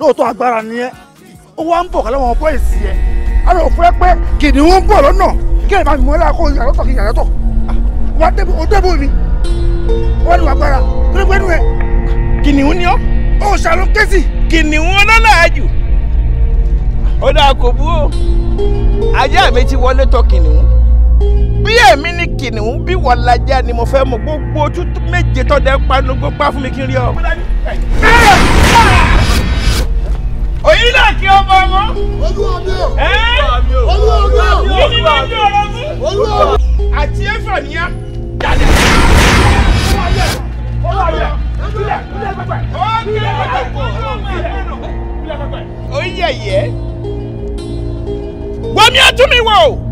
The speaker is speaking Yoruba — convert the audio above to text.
lóòótọ́ agbára ni ẹ́ ó wá ń bọ̀ kálẹ̀ wọn bọ́ èsì ẹ̀ ara òfin ẹ pé kìnìún ń bọ̀ lọ́nà kí ẹ̀ bá mi mọ́ ẹ́ kó yàrá tọ̀ kí yàrá tọ̀ ah, wá débò ó débò mi wọ́n ní wàá gbára torí pé inú ẹ̀. kìnìún ni ọ́. ó ṣàlùm kẹ́sì. kìnìún ọlọ́lá jù ó dáa kò bú o ajá mi ti wọlé tọ̀ kìnìún bí èmi ni kìnìún bí wọ́n lajá ni mo fẹ́ mọ gbogbo ojú méje tọ́ dẹ́ panu gbogbo fún mi kí n rí ọ ọmọ wọn. olúwa mi o. olúwa mi o. nínú ìlú ọ̀rọ̀ mú. olúwa mi. àti ẹ̀fà ni a. jáde. olúwa yẹ olúwa yẹ kílẹ̀ kílẹ̀ pẹpẹ. ó kílẹ̀ pẹpẹ. kílẹ̀ pẹpẹ. ó yẹ yẹ. wọ́n mi á tún mi o